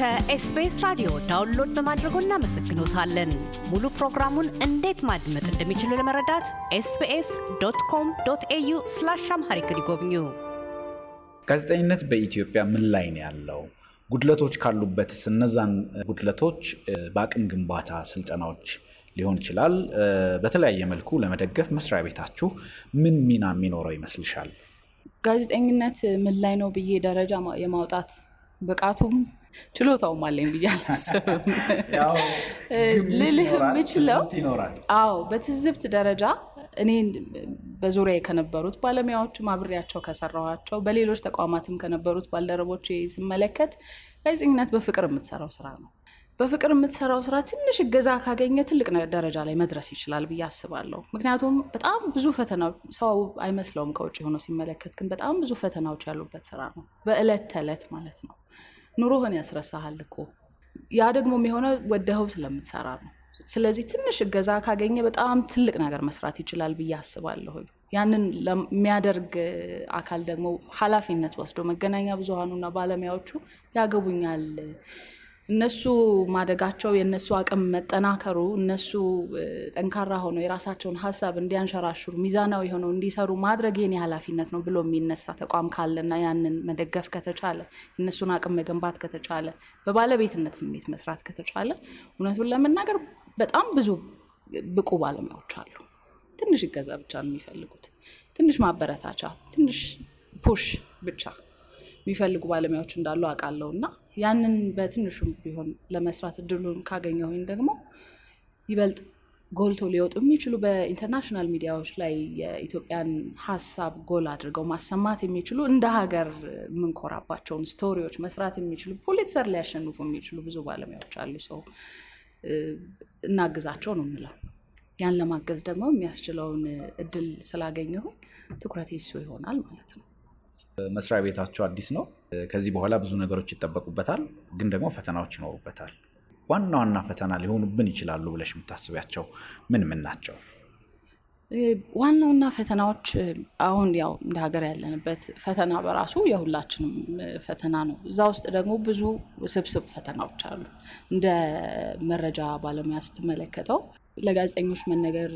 ከኤስቢኤስ ራዲዮ ዳውንሎድ በማድረጎ እናመሰግኖታለን። ሙሉ ፕሮግራሙን እንዴት ማድመጥ እንደሚችሉ ለመረዳት ኤስቢኤስ ዶት ኮም ዶት ኤዩ ስላሽ አምሃሪክ ይጎብኙ። ጋዜጠኝነት በኢትዮጵያ ምን ላይ ነው ያለው? ጉድለቶች ካሉበትስ እነዛን ጉድለቶች በአቅም ግንባታ ስልጠናዎች ሊሆን ይችላል በተለያየ መልኩ ለመደገፍ መስሪያ ቤታችሁ ምን ሚና የሚኖረው ይመስልሻል? ጋዜጠኝነት ምን ላይ ነው ብዬ ደረጃ የማውጣት ብቃቱም ችሎታውም አለኝ ብዬ አላስብም ልልህ የምችለው አዎ በትዝብት ደረጃ እኔ በዙሪያ ከነበሩት ባለሙያዎችም አብሬያቸው ከሰራኋቸው በሌሎች ተቋማትም ከነበሩት ባልደረቦች ስመለከት ጋዜጠኝነት በፍቅር የምትሰራው ስራ ነው። በፍቅር የምትሰራው ስራ ትንሽ እገዛ ካገኘ ትልቅ ደረጃ ላይ መድረስ ይችላል ብዬ አስባለሁ። ምክንያቱም በጣም ብዙ ፈተናዎች ሰው አይመስለውም ከውጭ ሆኖ ሲመለከት፣ ግን በጣም ብዙ ፈተናዎች ያሉበት ስራ ነው በእለት ተዕለት ማለት ነው። ኑሮህን ያስረሳሃል እኮ። ያ ደግሞ የሚሆነው ወደኸው ስለምትሰራ ነው። ስለዚህ ትንሽ እገዛ ካገኘ በጣም ትልቅ ነገር መስራት ይችላል ብዬ አስባለሁ። ያንን ለሚያደርግ አካል ደግሞ ኃላፊነት ወስዶ መገናኛ ብዙሃኑና ባለሙያዎቹ ያገቡኛል እነሱ ማደጋቸው የእነሱ አቅም መጠናከሩ እነሱ ጠንካራ ሆነው የራሳቸውን ሀሳብ እንዲያንሸራሽሩ ሚዛናዊ ሆነው እንዲሰሩ ማድረግ የኔ ኃላፊነት ነው ብሎ የሚነሳ ተቋም ካለና ያንን መደገፍ ከተቻለ እነሱን አቅም መገንባት ከተቻለ በባለቤትነት ስሜት መስራት ከተቻለ እውነቱን ለመናገር በጣም ብዙ ብቁ ባለሙያዎች አሉ። ትንሽ ይገዛ ብቻ ነው የሚፈልጉት። ትንሽ ማበረታቻ፣ ትንሽ ፑሽ ብቻ የሚፈልጉ ባለሙያዎች እንዳሉ አውቃለሁ እና ያንን በትንሹም ቢሆን ለመስራት እድሉን ካገኘሁኝ ደግሞ ይበልጥ ጎልቶ ሊወጡ የሚችሉ በኢንተርናሽናል ሚዲያዎች ላይ የኢትዮጵያን ሀሳብ ጎል አድርገው ማሰማት የሚችሉ እንደ ሀገር የምንኮራባቸውን ስቶሪዎች መስራት የሚችሉ ፖሊትሰር ሊያሸንፉ የሚችሉ ብዙ ባለሙያዎች አሉ። ሰው እናግዛቸው ነው የምለው። ያን ለማገዝ ደግሞ የሚያስችለውን እድል ስላገኘሁኝ ትኩረት ይሱ ይሆናል ማለት ነው። መስሪያ ቤታቸው አዲስ ነው። ከዚህ በኋላ ብዙ ነገሮች ይጠበቁበታል፣ ግን ደግሞ ፈተናዎች ይኖሩበታል። ዋና ዋና ፈተና ሊሆኑብን ይችላሉ ብለሽ የምታስቢያቸው ምን ምን ናቸው? ዋናውና ፈተናዎች አሁን ያው እንደ ሀገር ያለንበት ፈተና በራሱ የሁላችንም ፈተና ነው። እዛ ውስጥ ደግሞ ብዙ ስብስብ ፈተናዎች አሉ። እንደ መረጃ ባለሙያ ስትመለከተው ለጋዜጠኞች መነገር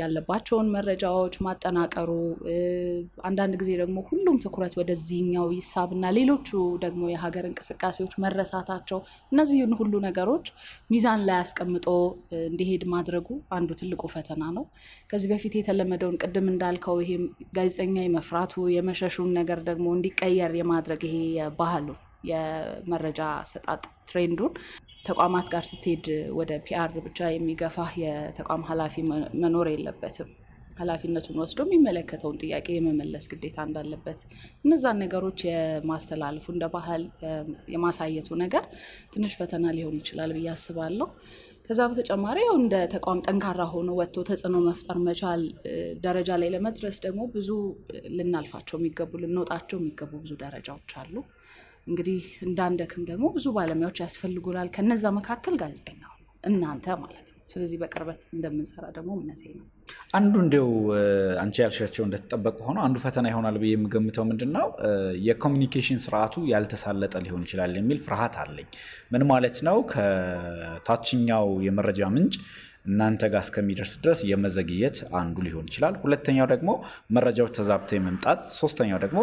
ያለባቸውን መረጃዎች ማጠናቀሩ፣ አንዳንድ ጊዜ ደግሞ ሁሉም ትኩረት ወደዚህኛው ይሳብና ሌሎቹ ደግሞ የሀገር እንቅስቃሴዎች መረሳታቸው፣ እነዚህን ሁሉ ነገሮች ሚዛን ላይ አስቀምጦ እንዲሄድ ማድረጉ አንዱ ትልቁ ፈተና ነው። ከዚህ በፊት የተለመደውን ቅድም እንዳልከው ይሄ ጋዜጠኛ የመፍራቱ የመሸሹን ነገር ደግሞ እንዲቀየር የማድረግ ይሄ የባህሉ የመረጃ ሰጣጥ ትሬንዱን ተቋማት ጋር ስትሄድ ወደ ፒአር ብቻ የሚገፋህ የተቋም ኃላፊ መኖር የለበትም። ኃላፊነቱን ወስዶ የሚመለከተውን ጥያቄ የመመለስ ግዴታ እንዳለበት እነዛን ነገሮች የማስተላለፉ እንደ ባህል የማሳየቱ ነገር ትንሽ ፈተና ሊሆን ይችላል ብዬ አስባለሁ። ከዛ በተጨማሪ ያው እንደ ተቋም ጠንካራ ሆኖ ወጥቶ ተጽዕኖ መፍጠር መቻል ደረጃ ላይ ለመድረስ ደግሞ ብዙ ልናልፋቸው የሚገቡ ልንወጣቸው የሚገቡ ብዙ ደረጃዎች አሉ። እንግዲህ እንዳንደክም ደግሞ ብዙ ባለሙያዎች ያስፈልጉናል። ከነዛ መካከል ጋዜጠኛ እናንተ ማለት ነው። ስለዚህ በቅርበት እንደምንሰራ ደግሞ እምነቴ ነው። አንዱ እንዲው አንቺ ያልሻቸው እንደተጠበቀ ሆኖ አንዱ ፈተና ይሆናል ብዬ የምገምተው ምንድን ነው የኮሚኒኬሽን ስርዓቱ ያልተሳለጠ ሊሆን ይችላል የሚል ፍርሃት አለኝ። ምን ማለት ነው? ከታችኛው የመረጃ ምንጭ እናንተ ጋር እስከሚደርስ ድረስ የመዘግየት አንዱ ሊሆን ይችላል። ሁለተኛው ደግሞ መረጃዎች ተዛብተው የመምጣት፣ ሶስተኛው ደግሞ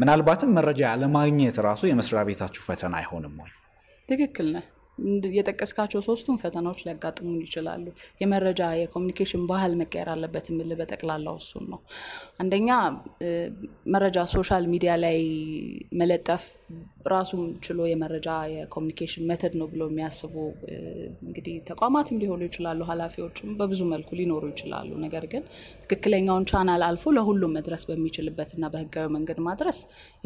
ምናልባትም መረጃ ያለማግኘት ራሱ የመስሪያ ቤታችሁ ፈተና አይሆንም ወይ? ትክክል ነህ። የጠቀስካቸው ሶስቱም ፈተናዎች ሊያጋጥሙን ይችላሉ። የመረጃ የኮሚኒኬሽን ባህል መቀየር አለበት የሚል በጠቅላላው እሱን ነው። አንደኛ መረጃ ሶሻል ሚዲያ ላይ መለጠፍ ራሱም ችሎ የመረጃ የኮሚኒኬሽን መተድ ነው ብሎ የሚያስቡ እንግዲህ ተቋማትም ሊሆኑ ይችላሉ፣ ኃላፊዎችም በብዙ መልኩ ሊኖሩ ይችላሉ። ነገር ግን ትክክለኛውን ቻናል አልፎ ለሁሉም መድረስ በሚችልበት እና በህጋዊ መንገድ ማድረስ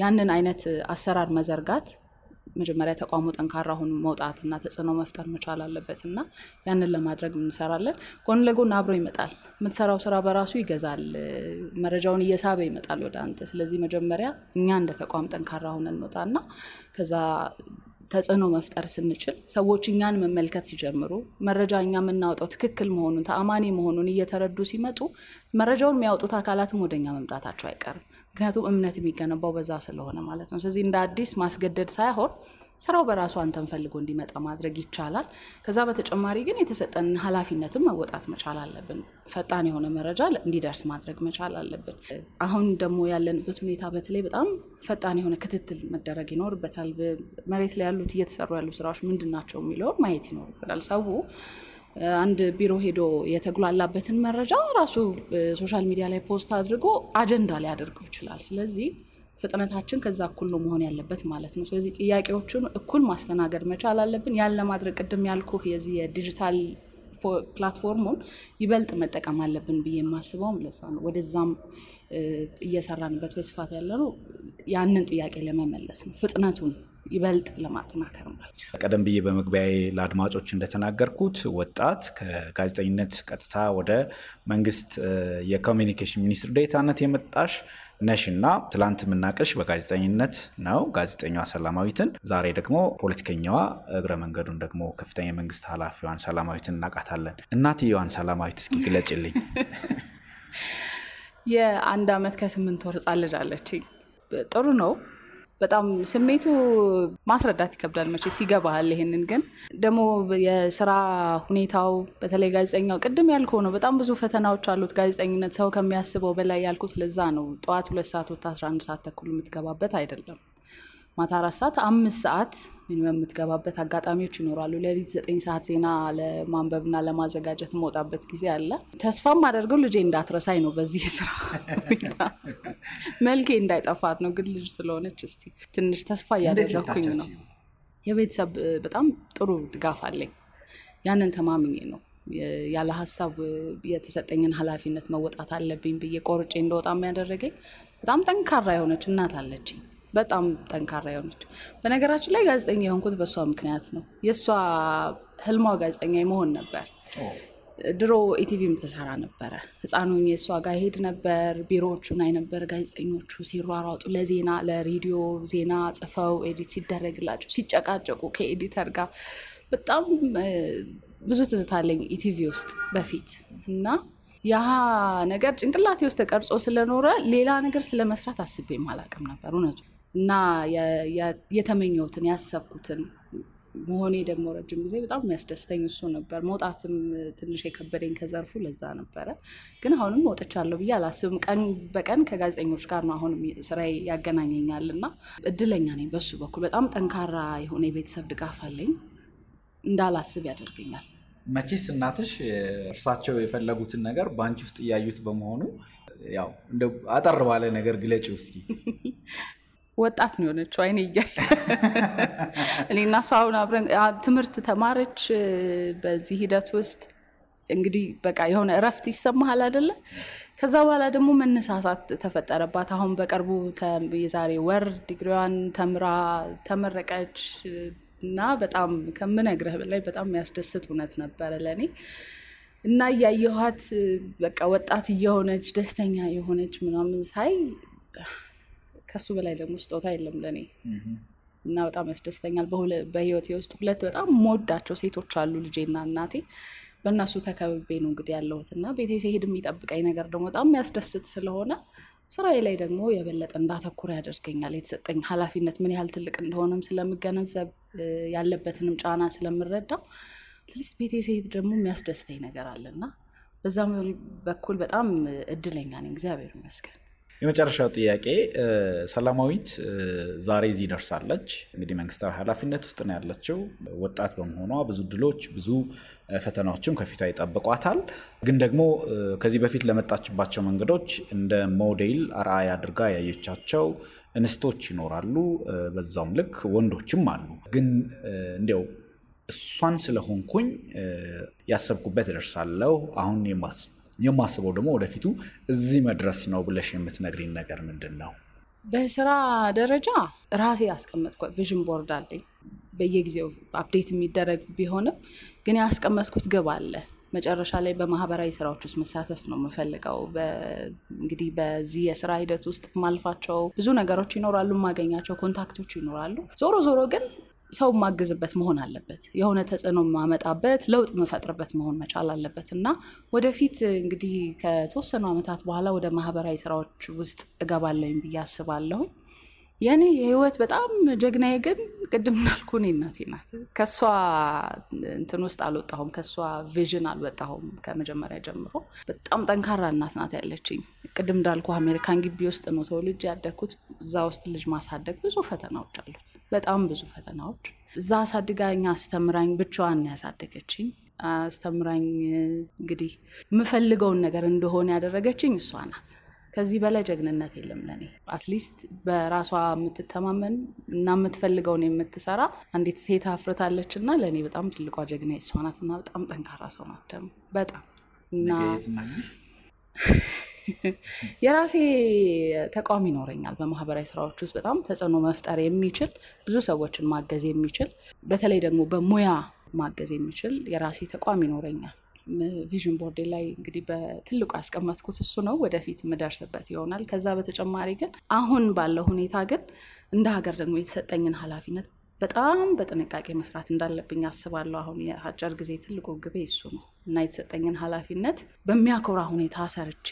ያንን አይነት አሰራር መዘርጋት መጀመሪያ ተቋሙ ጠንካራ ሆኖ መውጣት እና ተጽዕኖ መፍጠር መቻል አለበት እና ያንን ለማድረግ እንሰራለን። ጎን ለጎን አብሮ ይመጣል። የምትሰራው ስራ በራሱ ይገዛል፣ መረጃውን እየሳበ ይመጣል ወደ አንተ። ስለዚህ መጀመሪያ እኛ እንደ ተቋም ጠንካራ ሆነን እንወጣና ከዛ ተጽዕኖ መፍጠር ስንችል ሰዎች እኛን መመልከት ሲጀምሩ መረጃ እኛ የምናወጣው ትክክል መሆኑን ተአማኒ መሆኑን እየተረዱ ሲመጡ መረጃውን የሚያወጡት አካላትም ወደኛ መምጣታቸው አይቀርም። ምክንያቱም እምነት የሚገነባው በዛ ስለሆነ ማለት ነው። ስለዚህ እንደ አዲስ ማስገደድ ሳይሆን ስራው በራሱ አንተን ፈልጎ እንዲመጣ ማድረግ ይቻላል። ከዛ በተጨማሪ ግን የተሰጠንን ሀላፊነትም መወጣት መቻል አለብን። ፈጣን የሆነ መረጃ እንዲደርስ ማድረግ መቻል አለብን። አሁን ደግሞ ያለንበት ሁኔታ በተለይ በጣም ፈጣን የሆነ ክትትል መደረግ ይኖርበታል። መሬት ላይ ያሉት እየተሰሩ ያሉ ስራዎች ምንድን ናቸው የሚለውን ማየት ይኖርብናል። ሰው አንድ ቢሮ ሄዶ የተጉላላበትን መረጃ ራሱ ሶሻል ሚዲያ ላይ ፖስት አድርጎ አጀንዳ ሊያደርገው ይችላል። ስለዚህ ፍጥነታችን ከዛ እኩል ነው መሆን ያለበት ማለት ነው። ስለዚህ ጥያቄዎቹን እኩል ማስተናገድ መቻል አለብን። ያን ለማድረግ ቅድም ያልኩህ የዚህ የዲጂታል ፕላትፎርሙን ይበልጥ መጠቀም አለብን ብዬ የማስበውም ለዛ ነው። ወደዛም እየሰራንበት በስፋት ያለ ነው። ያንን ጥያቄ ለመመለስ ነው ፍጥነቱን ይበልጥ ለማጠናከር ማለት ቀደም ብዬ በመግቢያ ለአድማጮች እንደተናገርኩት ወጣት ከጋዜጠኝነት ቀጥታ ወደ መንግስት የኮሚኒኬሽን ሚኒስትር ዴታነት የመጣሽ ነሽ እና ትላንት የምናቀሽ በጋዜጠኝነት ነው፣ ጋዜጠኛዋ ሰላማዊትን። ዛሬ ደግሞ ፖለቲከኛዋ እግረ መንገዱን ደግሞ ከፍተኛ የመንግስት ኃላፊዋን ሰላማዊትን እናቃታለን። እናትየዋን ሰላማዊት እስኪ ግለጭልኝ። የአንድ ዓመት ከስምንት ወር ህጻን ልጅ አለችኝ። ጥሩ ነው በጣም ስሜቱ ማስረዳት ይከብዳል መቼ ሲገባል ይሄንን ግን ደግሞ የስራ ሁኔታው በተለይ ጋዜጠኛው ቅድም ያልከው ነው፣ በጣም ብዙ ፈተናዎች አሉት ጋዜጠኝነት። ሰው ከሚያስበው በላይ ያልኩት ለዛ ነው። ጠዋት ሁለት ሰዓት ወታ 11 ሰዓት ተኩል የምትገባበት አይደለም። ማታ አራት ሰዓት አምስት ሰዓት የምትገባበት አጋጣሚዎች ይኖራሉ። ሌሊት ዘጠኝ ሰዓት ዜና ለማንበብና ለማዘጋጀት መውጣበት ጊዜ አለ። ተስፋም አደርገው ልጄ እንዳትረሳኝ ነው። በዚህ ስራ መልኬ እንዳይጠፋት ነው። ግን ልጅ ስለሆነች እስኪ ትንሽ ተስፋ እያደረኩኝ ነው። የቤተሰብ በጣም ጥሩ ድጋፍ አለኝ። ያንን ተማምኜ ነው ያለ ሀሳብ የተሰጠኝን ኃላፊነት መወጣት አለብኝ ብዬ ቆርጬ እንደወጣ ያደረገኝ በጣም ጠንካራ የሆነች እናት አለችኝ። በጣም ጠንካራ የሆነች በነገራችን ላይ ጋዜጠኛ የሆንኩት በእሷ ምክንያት ነው። የእሷ ህልሟ ጋዜጠኛ መሆን ነበር። ድሮ ኢቲቪም የምትሰራ ነበረ። ህፃኑ የእሷ ጋር ሄድ ነበር፣ ቢሮዎቹን አይ ነበር። ጋዜጠኞቹ ሲሯሯጡ ለዜና ለሬዲዮ ዜና ጽፈው ኤዲት ሲደረግላቸው ሲጨቃጨቁ ከኤዲተር ጋር በጣም ብዙ ትዝታ አለኝ ኢቲቪ ውስጥ በፊት እና ያ ነገር ጭንቅላቴ ውስጥ ተቀርጾ ስለኖረ ሌላ ነገር ስለመስራት አስቤም አላውቅም ነበር እውነቱ እና የተመኘሁትን ያሰብኩትን መሆኔ ደግሞ ረጅም ጊዜ በጣም የሚያስደስተኝ እሱ ነበር። መውጣትም ትንሽ የከበደኝ ከዘርፉ ለዛ ነበረ። ግን አሁንም መውጥቻለሁ ብዬ አላስብም። ቀን በቀን ከጋዜጠኞች ጋር ነው አሁን ስራ ያገናኘኛል እና እድለኛ ነኝ በሱ በኩል። በጣም ጠንካራ የሆነ የቤተሰብ ድጋፍ አለኝ፣ እንዳላስብ ያደርገኛል። መቼስ እናትሽ እርሳቸው የፈለጉትን ነገር በአንቺ ውስጥ እያዩት በመሆኑ ያው እንደው አጠር ባለ ነገር ግለጭ እስኪ። ወጣት ነው የሆነችው። አይኔ እያ እኔ እና እሷ አሁን አብረን ትምህርት ተማረች። በዚህ ሂደት ውስጥ እንግዲህ በቃ የሆነ እረፍት ይሰማሃል አደለ ከዛ በኋላ ደግሞ መነሳሳት ተፈጠረባት። አሁን በቅርቡ የዛሬ ወር ዲግሪዋን ተምራ ተመረቀች እና በጣም ከምነግረህ በላይ በጣም የሚያስደስት እውነት ነበረ ለእኔ እና እያየኋት በቃ ወጣት እየሆነች ደስተኛ የሆነች ምናምን ሳይ ከሱ በላይ ደግሞ ስጦታ የለም ለእኔ እና በጣም ያስደስተኛል። በህይወቴ ውስጥ ሁለት በጣም መወዳቸው ሴቶች አሉ፣ ልጄና እናቴ። በእነሱ ተከብቤ ነው እንግዲህ ያለሁት እና ቤቴ ሲሄድ የሚጠብቀኝ ነገር ደግሞ በጣም የሚያስደስት ስለሆነ ስራዬ ላይ ደግሞ የበለጠ እንዳተኩር ያደርገኛል። የተሰጠኝ ኃላፊነት ምን ያህል ትልቅ እንደሆነም ስለምገነዘብ ያለበትንም ጫና ስለምረዳው አትሊስት ቤቴ ሲሄድ ደግሞ የሚያስደስተኝ ነገር አለና በዛም በኩል በጣም እድለኛ ነኝ፣ እግዚአብሔር ይመስገን። የመጨረሻው ጥያቄ ሰላማዊት ዛሬ እዚህ ደርሳለች። እንግዲህ መንግስታዊ ኃላፊነት ውስጥ ነው ያለችው። ወጣት በመሆኗ ብዙ ድሎች፣ ብዙ ፈተናዎችም ከፊቷ ይጠብቋታል። ግን ደግሞ ከዚህ በፊት ለመጣችባቸው መንገዶች እንደ ሞዴል አርአያ አድርጋ ያየቻቸው እንስቶች ይኖራሉ። በዛውም ልክ ወንዶችም አሉ። ግን እንዲያው እሷን ስለሆንኩኝ ያሰብኩበት ደርሳለሁ አሁን የማስበው ደግሞ ወደፊቱ እዚህ መድረስ ነው ብለሽ የምትነግሪን ነገር ምንድን ነው? በስራ ደረጃ ራሴ ያስቀመጥኩት ቪዥን ቦርድ አለኝ። በየጊዜው አፕዴት የሚደረግ ቢሆንም ግን ያስቀመጥኩት ግብ አለ። መጨረሻ ላይ በማህበራዊ ስራዎች ውስጥ መሳተፍ ነው የምፈልገው። እንግዲህ በዚህ የስራ ሂደት ውስጥ ማልፋቸው ብዙ ነገሮች ይኖራሉ፣ የማገኛቸው ኮንታክቶች ይኖራሉ። ዞሮ ዞሮ ግን ሰው ማግዝበት መሆን አለበት። የሆነ ተጽዕኖ ማመጣበት ለውጥ መፈጥርበት መሆን መቻል አለበት እና ወደፊት እንግዲህ ከተወሰኑ ዓመታት በኋላ ወደ ማህበራዊ ስራዎች ውስጥ እገባለሁኝ ብዬ አስባለሁኝ። የኔ የህይወት በጣም ጀግናዬ ግን ቅድም እንዳልኩ እኔ እናቴ ናት። ከእሷ እንትን ውስጥ አልወጣሁም፣ ከእሷ ቪዥን አልወጣሁም። ከመጀመሪያ ጀምሮ በጣም ጠንካራ እናት ናት ያለችኝ። ቅድም እንዳልኩ አሜሪካን ግቢ ውስጥ ነው ተወልጄ ያደግኩት። እዛ ውስጥ ልጅ ማሳደግ ብዙ ፈተናዎች አሉት፣ በጣም ብዙ ፈተናዎች። እዛ አሳድጋኝ አስተምራኝ፣ ብቻዋን ያሳደገችኝ አስተምራኝ፣ እንግዲህ የምፈልገውን ነገር እንደሆነ ያደረገችኝ እሷ ናት። ከዚህ በላይ ጀግንነት የለም ለኔ። አትሊስት በራሷ የምትተማመን እና የምትፈልገውን የምትሰራ አንዲት ሴት አፍርታለች እና ለእኔ በጣም ትልቋ ጀግና እሷ ናት እና በጣም ጠንካራ ሰው ናት ደግሞ በጣም እና የራሴ ተቋም ይኖረኛል። በማህበራዊ ስራዎች ውስጥ በጣም ተጽዕኖ መፍጠር የሚችል ብዙ ሰዎችን ማገዝ የሚችል በተለይ ደግሞ በሙያ ማገዝ የሚችል የራሴ ተቋም ይኖረኛል። ቪዥን ቦርዴ ላይ እንግዲህ በትልቁ ያስቀመጥኩት እሱ ነው። ወደፊት የምደርስበት ይሆናል። ከዛ በተጨማሪ ግን አሁን ባለው ሁኔታ ግን እንደ ሀገር ደግሞ የተሰጠኝን ኃላፊነት በጣም በጥንቃቄ መስራት እንዳለብኝ አስባለሁ። አሁን የአጭር ጊዜ ትልቁ ግቤ እሱ ነው እና የተሰጠኝን ኃላፊነት በሚያኮራ ሁኔታ ሰርቼ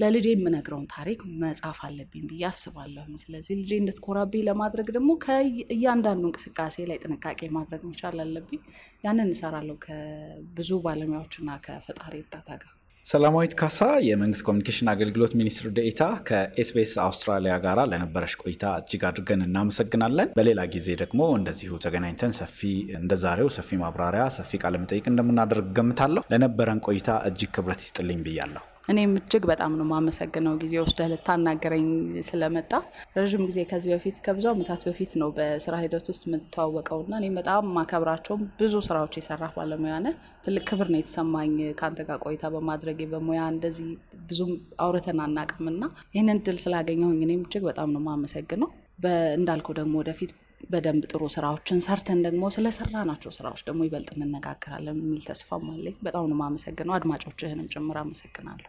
ለልጄ የምነግረውን ታሪክ መጻፍ አለብኝ ብዬ አስባለሁ። ስለዚህ ልጄ እንድትኮራብኝ ለማድረግ ደግሞ ከእያንዳንዱ እንቅስቃሴ ላይ ጥንቃቄ ማድረግ መቻል አለብኝ። ያንን እሰራለሁ ከብዙ ባለሙያዎችና ከፈጣሪ እርዳታ ጋር። ሰላማዊት ካሳ፣ የመንግስት ኮሚኒኬሽን አገልግሎት ሚኒስትር ዴኤታ፣ ከኤስቢኤስ አውስትራሊያ ጋር ለነበረች ቆይታ እጅግ አድርገን እናመሰግናለን። በሌላ ጊዜ ደግሞ እንደዚሁ ተገናኝተን ሰፊ እንደዛሬው ሰፊ ማብራሪያ፣ ሰፊ ቃለመጠይቅ እንደምናደርግ ገምታለሁ። ለነበረን ቆይታ እጅግ ክብረት ይስጥልኝ ብያለሁ። እኔም እጅግ በጣም ነው የማመሰግነው ጊዜ ወስደህ ልታናገረኝ ስለመጣ። ረዥም ጊዜ ከዚህ በፊት ከብዙ አመታት በፊት ነው በስራ ሂደት ውስጥ የምትተዋወቀው እና እኔም በጣም ማከብራቸውም ብዙ ስራዎች የሰራ ባለሙያ ነ ትልቅ ክብር ነው የተሰማኝ ከአንተ ጋር ቆይታ በማድረግ በሙያ እንደዚህ ብዙም አውርተን አናቅም እና ይህንን ድል ስላገኘሁኝ እኔም እጅግ በጣም ነው የማመሰግነው። እንዳልከው ደግሞ ወደፊት በደንብ ጥሩ ስራዎችን ሰርተን ደግሞ ስለሰራ ናቸው ስራዎች ደግሞ ይበልጥ እንነጋገራለን የሚል ተስፋም አለኝ። በጣም ነው የማመሰግነው። አድማጮችህንም ጭምር አመሰግናለሁ።